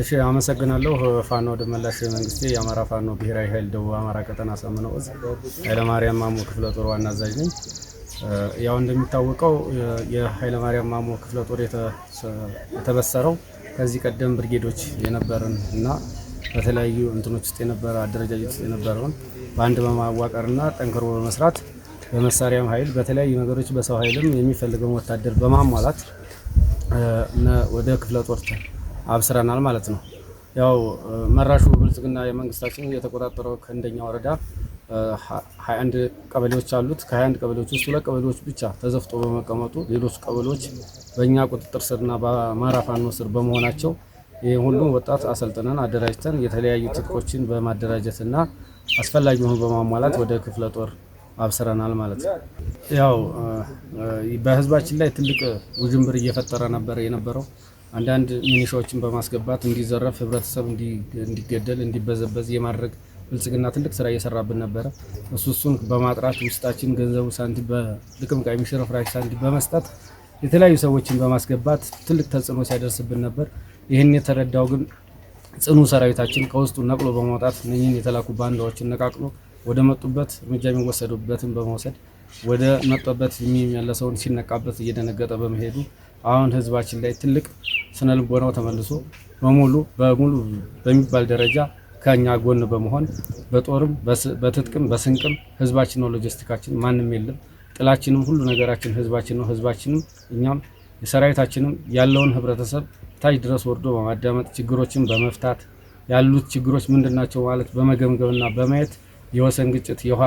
እሺ አመሰግናለሁ። ፋኖ ደመላሽ መንግስቴ የአማራ ፋኖ ብሔራዊ ኃይል ደቡብ አማራ ቀጠና ሳምነው እዝ ኃይለማርያም ማሞ ክፍለ ጦር ዋና አዛዥ ነኝ። ያው እንደሚታወቀው የኃይለማርያም ማሞ ክፍለ ጦር የተበሰረው ከዚህ ቀደም ብርጌዶች የነበርን እና በተለያዩ እንትኖች ውስጥ የነበረ አደረጃጀት ውስጥ የነበረውን በአንድ በማዋቀርና ጠንክሮ በመስራት በመሳሪያም ኃይል በተለያዩ ነገሮች በሰው ኃይልም የሚፈልገውን ወታደር በማሟላት ወደ ክፍለ ጦር አብስረናል ማለት ነው። ያው መራሹ ብልጽግና የመንግስታችን የተቆጣጠረው ከእንደኛ ወረዳ 21 ቀበሌዎች አሉት። ከ21 ቀበሌዎች ውስጥ ሁለት ቀበሌዎች ብቻ ተዘፍጦ በመቀመጡ ሌሎች ቀበሌዎች በእኛ ቁጥጥር ስርና በአማራ ፋኖ ስር በመሆናቸው ይህ ሁሉም ወጣት አሰልጥነን አደራጅተን የተለያዩ ትጥቆችን በማደራጀትና አስፈላጊውን በማሟላት ወደ ክፍለ ጦር አብስረናል ማለት ነው። ያው በህዝባችን ላይ ትልቅ ውዥንብር እየፈጠረ ነበር የነበረው አንዳንድ ሚኒሻዎችን በማስገባት እንዲዘረፍ ህብረተሰብ እንዲገደል እንዲበዘበዝ የማድረግ ብልጽግና ትልቅ ስራ እየሰራብን ነበረ። እሱ እሱን በማጥራት ውስጣችን ገንዘቡ ሳንቲም በልቅምቃሚ ሽርፍራሽ ሳንቲም በመስጠት የተለያዩ ሰዎችን በማስገባት ትልቅ ተጽዕኖ ሲያደርስብን ነበር። ይህን የተረዳው ግን ጽኑ ሰራዊታችን ከውስጡ ነቅሎ በማውጣት እነኝህን የተላኩ ባንዳዎችን ነቃቅሎ ወደ መጡበት እርምጃ የሚወሰዱበትን በመውሰድ ወደ መጡበት የሚመለሰውን ሲነቃበት እየደነገጠ በመሄዱ አሁን ህዝባችን ላይ ትልቅ ስነ ልቦናው ተመልሶ በሙሉ በሙሉ በሚባል ደረጃ ከኛ ጎን በመሆን በጦርም በትጥቅም በስንቅም ህዝባችን ነው ሎጂስቲካችን፣ ማንም የለም። ጥላችንም ሁሉ ነገራችን ህዝባችን ነው። ህዝባችንም እኛም የሰራዊታችንም ያለውን ህብረተሰብ ታች ድረስ ወርዶ በማዳመጥ ችግሮችን በመፍታት ያሉት ችግሮች ምንድን ናቸው ማለት በመገምገምና በማየት የወሰን ግጭት፣ የውሃ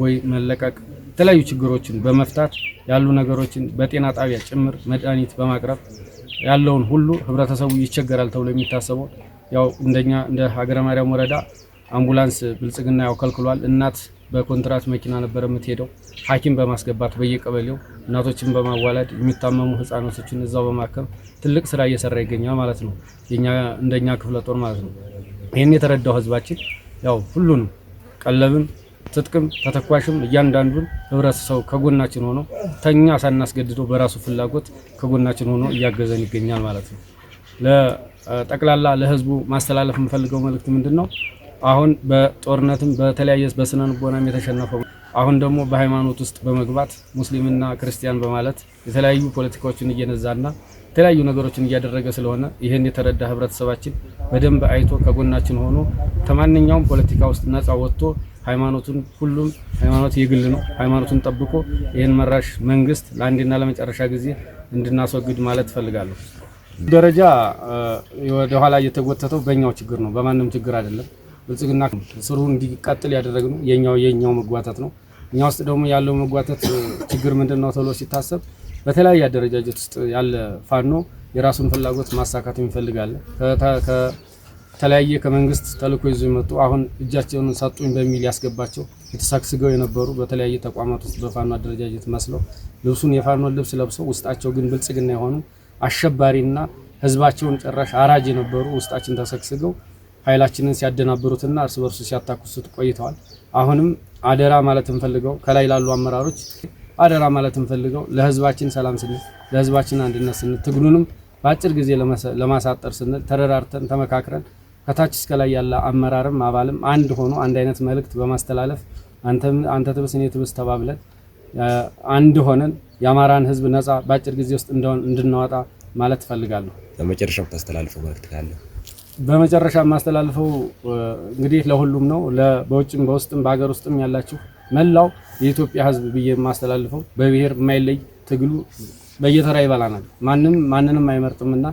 ቦይ መለቀቅ፣ የተለያዩ ችግሮችን በመፍታት ያሉ ነገሮችን በጤና ጣቢያ ጭምር መድኃኒት በማቅረብ ያለውን ሁሉ ህብረተሰቡ ይቸገራል ተብሎ የሚታሰበው ያው እንደኛ እንደ ሀገረ ማርያም ወረዳ አምቡላንስ ብልጽግና ያው ከልክሏል። እናት በኮንትራት መኪና ነበር የምትሄደው። ሐኪም በማስገባት በየቀበሌው እናቶችን በማዋለድ የሚታመሙ ህፃናቶችን እዛው በማከም ትልቅ ስራ እየሰራ ይገኛል ማለት ነው። የኛ እንደኛ ክፍለ ጦር ማለት ነው። ይህን የተረዳው ህዝባችን ያው ሁሉንም ቀለብም ትጥቅም ተተኳሽም እያንዳንዱን ህብረተሰቡ ከጎናችን ሆኖ ተኛ ሳናስገድደው በራሱ ፍላጎት ከጎናችን ሆኖ እያገዘን ይገኛል ማለት ነው። ለጠቅላላ ለህዝቡ ማስተላለፍ የምፈልገው መልእክት ምንድን ነው? አሁን በጦርነትም በተለያየ በስነ ልቦናም የተሸነፈው አሁን ደግሞ በሃይማኖት ውስጥ በመግባት ሙስሊምና ክርስቲያን በማለት የተለያዩ ፖለቲካዎችን እየነዛና የተለያዩ ነገሮችን እያደረገ ስለሆነ ይህን የተረዳ ህብረተሰባችን በደንብ አይቶ ከጎናችን ሆኖ ከማንኛውም ፖለቲካ ውስጥ ነፃ ወጥቶ ሃይማኖቱን ሁሉም ሃይማኖት የግል ነው። ሃይማኖቱን ጠብቆ ይህን መራሽ መንግስት ለአንዴና ለመጨረሻ ጊዜ እንድናስወግድ ማለት እፈልጋለሁ። ደረጃ ወደኋላ እየተጎተተው በእኛው ችግር ነው፣ በማንም ችግር አይደለም። ብልጽግና ስሩ እንዲቀጥል ነው የኛው የኛው መጓተት ነው። እኛ ውስጥ ደግሞ ያለው መጓተት ችግር ምንድን ነው ተብሎ ሲታሰብ በተለያየ አደረጃጀት ውስጥ ያለ ፋኖ የራሱን ፍላጎት ማሳካት የሚፈልጋለ ከተለያየ ከመንግስት ተልእኮ ይዞ የመጡ አሁን እጃቸውን ሰጡኝ በሚል ያስገባቸው የተሳክስገው የነበሩ በተለያየ ተቋማት ውስጥ በፋኖ አደረጃጀት መስለው ልብሱን የፋኖ ልብስ ለብሰው ውስጣቸው ግን ብልጽግና የሆኑ አሸባሪና ህዝባቸውን ጭራሽ አራጅ የነበሩ ውስጣችን ተሰግስገው ኃይላችንን ሲያደናብሩትና እርስ በርሱ ሲያታኩሱት ቆይተዋል። አሁንም አደራ ማለት እንፈልገው ከላይ ላሉ አመራሮች አደራ ማለት እንፈልገው ለህዝባችን ሰላም ስንል ለህዝባችን አንድነት ስንል ትግሉንም በአጭር ጊዜ ለማሳጠር ስንል ተደራርተን ተመካክረን ከታች እስከ ላይ ያለ አመራርም አባልም አንድ ሆኖ አንድ አይነት መልእክት በማስተላለፍ አንተ ትብስ እኔ ትብስ ተባብለን አንድ ሆነን የአማራን ህዝብ ነጻ በአጭር ጊዜ ውስጥ እንድናወጣ ማለት እፈልጋለሁ። በመጨረሻ ታስተላልፈው መልእክት ካለ? በመጨረሻ የማስተላልፈው እንግዲህ ለሁሉም ነው፣ በውጭም በውስጥም በሀገር ውስጥም ያላችሁ መላው የኢትዮጵያ ህዝብ ብዬ የማስተላልፈው በብሔር የማይለይ ትግሉ በየተራ ይበላናል። ማንም ማንንም አይመርጥምና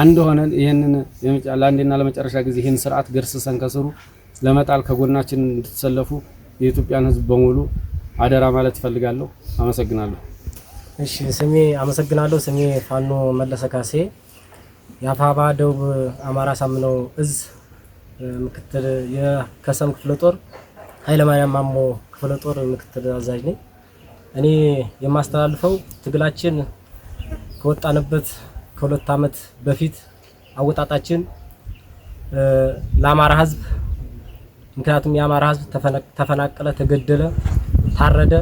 አንድ ሆነን ይህንን ለአንዴና ለመጨረሻ ጊዜ ይህን ስርዓት ገርስሰን ከስሩ ለመጣል ከጎናችን እንድትሰለፉ የኢትዮጵያን ህዝብ በሙሉ አደራ ማለት ይፈልጋለሁ። አመሰግናለሁ። እሺ፣ ስሜ አመሰግናለሁ። ስሜ ፋኖ መለሰ ካሴ የአፋባ ደቡብ አማራ ሳምነው እዝ ምክትል የከሰም ክፍለ ጦር ኃይለማርያም ማሞ ክፍለ ጦር ምክትል አዛዥ ነኝ። እኔ የማስተላልፈው ትግላችን ከወጣንበት ከሁለት ዓመት በፊት አወጣጣችን ለአማራ ህዝብ ምክንያቱም የአማራ ህዝብ ተፈናቀለ፣ ተገደለ፣ ታረደ።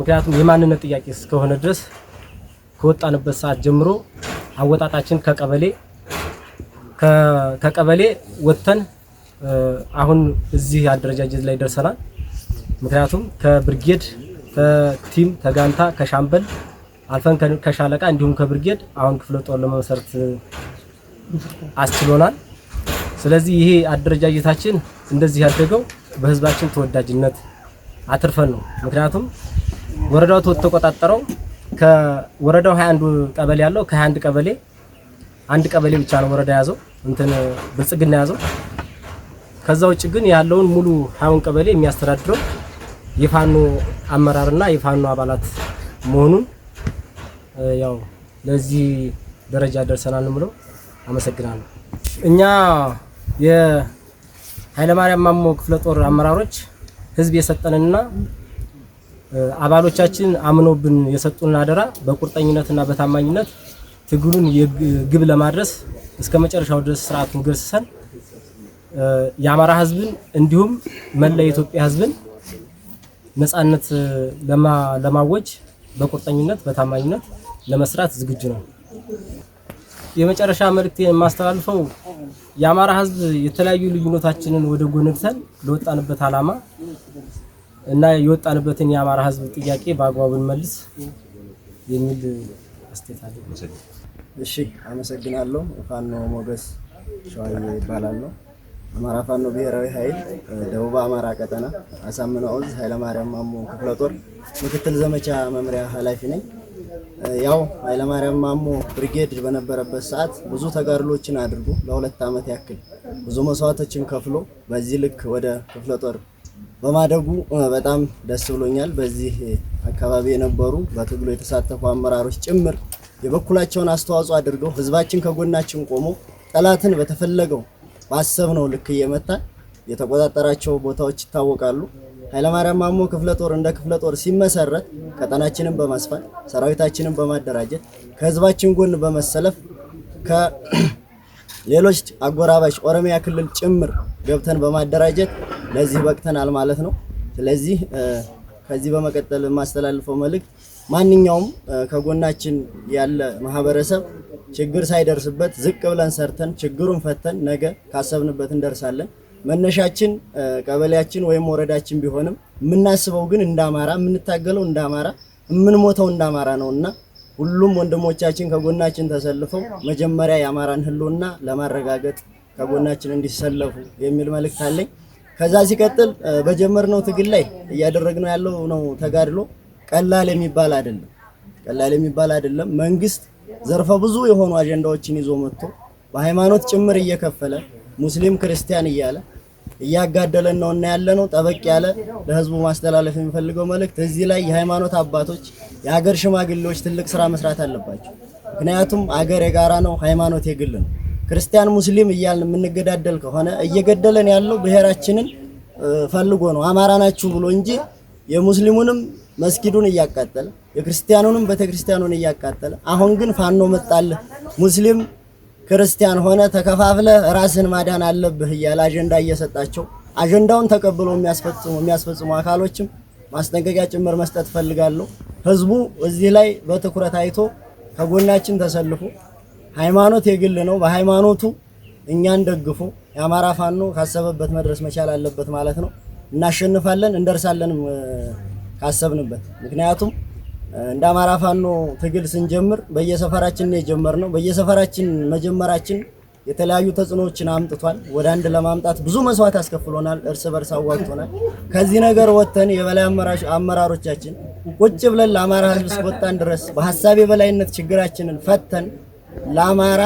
ምክንያቱም የማንነት ጥያቄ እስከሆነ ድረስ ከወጣንበት ሰዓት ጀምሮ አወጣጣችን ከቀበሌ ከቀበሌ ወጥተን አሁን እዚህ አደረጃጀት ላይ ደርሰናል። ምክንያቱም ከብርጌድ ከቲም ከጋንታ ከሻምበል አልፈን ከሻለቃ እንዲሁም ከብርጌድ አሁን ክፍለ ጦር ለመመስረት አስችሎናል። ስለዚህ ይሄ አደረጃጀታችን እንደዚህ ያደገው በህዝባችን ተወዳጅነት አትርፈን ነው። ምክንያቱም ወረዳው ተቆጣጠረው ከወረዳው 21 ቀበሌ ያለው ከ21 ቀበሌ አንድ ቀበሌ ብቻ ነው ወረዳ ያዘው እንትን ብልጽግና ያዘው ከዛ ውጭ ግን ያለውን ሙሉ ሀውን ቀበሌ የሚያስተዳድረው የፋኖ አመራርና የፋኖ አባላት መሆኑን ያው ለዚህ ደረጃ ደርሰናል ብለው አመሰግናለሁ። እኛ የኃይለማርያም ማሞ ክፍለ ጦር አመራሮች ህዝብ የሰጠንና አባሎቻችን አምኖብን የሰጡን አደራ በቁርጠኝነትና በታማኝነት ትግሉን ግብ ለማድረስ እስከ መጨረሻው ድረስ ስርዓቱን ገርስሰን የአማራ ህዝብን እንዲሁም መላ የኢትዮጵያ ህዝብን ነጻነት ለማወጅ በቁርጠኝነት በታማኝነት ለመስራት ዝግጁ ነው። የመጨረሻ መልእክቴን የማስተላልፈው የአማራ ህዝብ የተለያዩ ልዩነታችንን ወደ ጎን ትተን ለወጣንበት አላማ እና የወጣንበትን የአማራ ህዝብ ጥያቄ በአግባቡ እንመልስ የሚል አስተያየት አለ። እሺ፣ አመሰግናለሁ። ፋኖ ሞገስ ሸዋዬ ይባላል ነው አማራ ፋኖ ብሔራዊ ኃይል ደቡብ አማራ ቀጠና አሳምነው ዕዝ ኃይለማርያም ማሞ ክፍለ ጦር ምክትል ዘመቻ መምሪያ ኃላፊ ነኝ። ያው ኃይለማርያም ማሞ ብርጌድ በነበረበት ሰዓት ብዙ ተጋድሎችን አድርጎ ለሁለት ዓመት ያክል ብዙ መስዋዕቶችን ከፍሎ በዚህ ልክ ወደ ክፍለ ጦር በማደጉ በጣም ደስ ብሎኛል። በዚህ አካባቢ የነበሩ በትግሉ የተሳተፉ አመራሮች ጭምር የበኩላቸውን አስተዋጽኦ አድርገው ህዝባችን ከጎናችን ቆሞ ጠላትን በተፈለገው ማሰብ ነው ልክ እየመታን የተቆጣጠራቸው ቦታዎች ይታወቃሉ። ኃይለማርያም ማሞ ክፍለ ጦር እንደ ክፍለ ጦር ሲመሰረት ቀጠናችንን በማስፋት ሰራዊታችንን በማደራጀት ከህዝባችን ጎን በመሰለፍ ከሌሎች አጎራባች ኦሮሚያ ክልል ጭምር ገብተን በማደራጀት ለዚህ በቅተናል ማለት ነው። ስለዚህ ከዚህ በመቀጠል የማስተላልፈው መልእክት ማንኛውም ከጎናችን ያለ ማህበረሰብ ችግር ሳይደርስበት ዝቅ ብለን ሰርተን ችግሩን ፈተን ነገ ካሰብንበት እንደርሳለን። መነሻችን ቀበሌያችን ወይም ወረዳችን ቢሆንም የምናስበው ግን እንደ አማራ የምንታገለው እንደ አማራ የምንሞተው እንደ አማራ ነው እና ሁሉም ወንድሞቻችን ከጎናችን ተሰልፈው መጀመሪያ የአማራን ህልና ለማረጋገጥ ከጎናችን እንዲሰለፉ የሚል መልእክት አለኝ። ከዛ ሲቀጥል በጀመርነው ትግል ላይ እያደረግነው ያለው ነው ተጋድሎ ቀላል የሚባል አይደለም። ቀላል የሚባል አይደለም። መንግስት ዘርፈ ብዙ የሆኑ አጀንዳዎችን ይዞ መጥቶ በሃይማኖት ጭምር እየከፈለ ሙስሊም ክርስቲያን እያለ እያጋደለን ነው እና ያለ ነው። ጠበቅ ያለ ለህዝቡ ማስተላለፍ የሚፈልገው መልእክት እዚህ ላይ የሃይማኖት አባቶች፣ የሀገር ሽማግሌዎች ትልቅ ስራ መስራት አለባቸው። ምክንያቱም አገር የጋራ ነው፣ ሃይማኖት የግል ነው። ክርስቲያን ሙስሊም እያልን የምንገዳደል ከሆነ እየገደለን ያለው ብሔራችንን ፈልጎ ነው አማራ ናችሁ ብሎ እንጂ የሙስሊሙንም መስጊዱን እያቃጠለ የክርስቲያኑንም ቤተክርስቲያኑን እያቃጠለ፣ አሁን ግን ፋኖ መጣልህ ሙስሊም ክርስቲያን ሆነ ተከፋፍለ ራስን ማዳን አለብህ እያለ አጀንዳ እየሰጣቸው አጀንዳውን ተቀብሎ የሚያስፈጽሙ የሚያስፈጽሙ አካሎችም ማስጠንቀቂያ ጭምር መስጠት ፈልጋለሁ። ህዝቡ እዚህ ላይ በትኩረት አይቶ ከጎናችን ተሰልፎ ሃይማኖት የግል ነው፣ በሃይማኖቱ እኛን ደግፎ የአማራ ፋኖ ካሰበበት መድረስ መቻል አለበት ማለት ነው። እናሸንፋለን፣ እንደርሳለንም ካሰብንበት። ምክንያቱም እንደ አማራ ፋኖ ትግል ስንጀምር በየሰፈራችን ነው የጀመርነው። በየሰፈራችን መጀመራችን የተለያዩ ተጽዕኖዎችን አምጥቷል። ወደ አንድ ለማምጣት ብዙ መስዋዕት አስከፍሎናል፣ እርስ በርስ አዋግቶናል። ከዚህ ነገር ወጥተን የበላይ አመራሮቻችን ቁጭ ብለን ለአማራ ሕዝብ እስከወጣን ድረስ በሀሳብ የበላይነት ችግራችንን ፈተን ለአማራ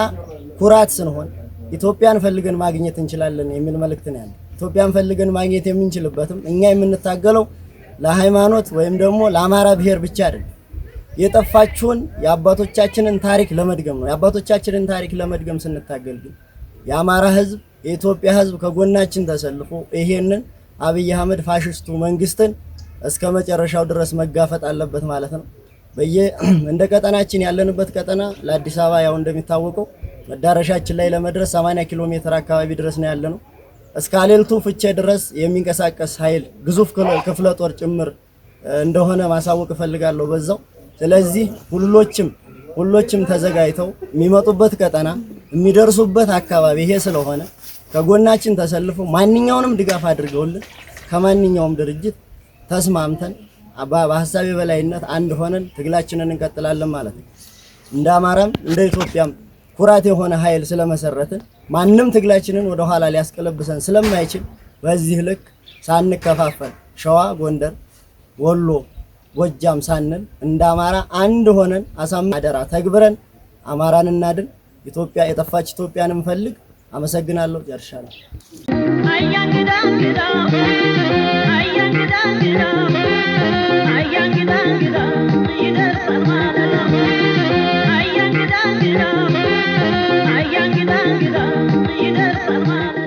ኩራት ስንሆን ኢትዮጵያን ፈልገን ማግኘት እንችላለን የሚል መልእክት ነው ያለው። ኢትዮጵያን ፈልገን ማግኘት የምንችልበትም እኛ የምንታገለው ለሃይማኖት ወይም ደግሞ ለአማራ ብሔር ብቻ አይደለም። የጠፋችሁን የአባቶቻችንን ታሪክ ለመድገም ነው። የአባቶቻችንን ታሪክ ለመድገም ስንታገል ግን የአማራ ህዝብ የኢትዮጵያ ህዝብ ከጎናችን ተሰልፎ ይሄንን አብይ አህመድ ፋሽስቱ መንግስትን እስከ መጨረሻው ድረስ መጋፈጥ አለበት ማለት ነው። በየ እንደ ቀጠናችን ያለንበት ቀጠና ለአዲስ አበባ ያው እንደሚታወቀው መዳረሻችን ላይ ለመድረስ 80 ኪሎ ሜትር አካባቢ ድረስ ነው ያለነው። እስከ አሌልቱ ፍቼ ድረስ የሚንቀሳቀስ ኃይል ግዙፍ ክፍለ ጦር ጭምር እንደሆነ ማሳወቅ እፈልጋለሁ በዛው። ስለዚህ ሁሎችም ሁሎችም ተዘጋጅተው የሚመጡበት ቀጠና የሚደርሱበት አካባቢ ይሄ ስለሆነ ከጎናችን ተሰልፈው ማንኛውንም ድጋፍ አድርገውልን ከማንኛውም ድርጅት ተስማምተን በሀሳብ የበላይነት አንድ ሆነን ትግላችንን እንቀጥላለን ማለት ነው። እንደ አማራም እንደ ኢትዮጵያም ኩራት የሆነ ኃይል ስለመሰረትን ማንም ትግላችንን ወደ ኋላ ሊያስቀለብሰን ስለማይችል በዚህ ልክ ሳንከፋፈል ሸዋ፣ ጎንደር፣ ወሎ፣ ጎጃም ሳንል እንደ አማራ አንድ ሆነን አሳም አደራ ተግብረን አማራን እናድን። ኢትዮጵያ የጠፋች ኢትዮጵያን እንፈልግ። አመሰግናለሁ። ጨርሻለሁ። አያንግዳ yangi yangi yangi yangi yangi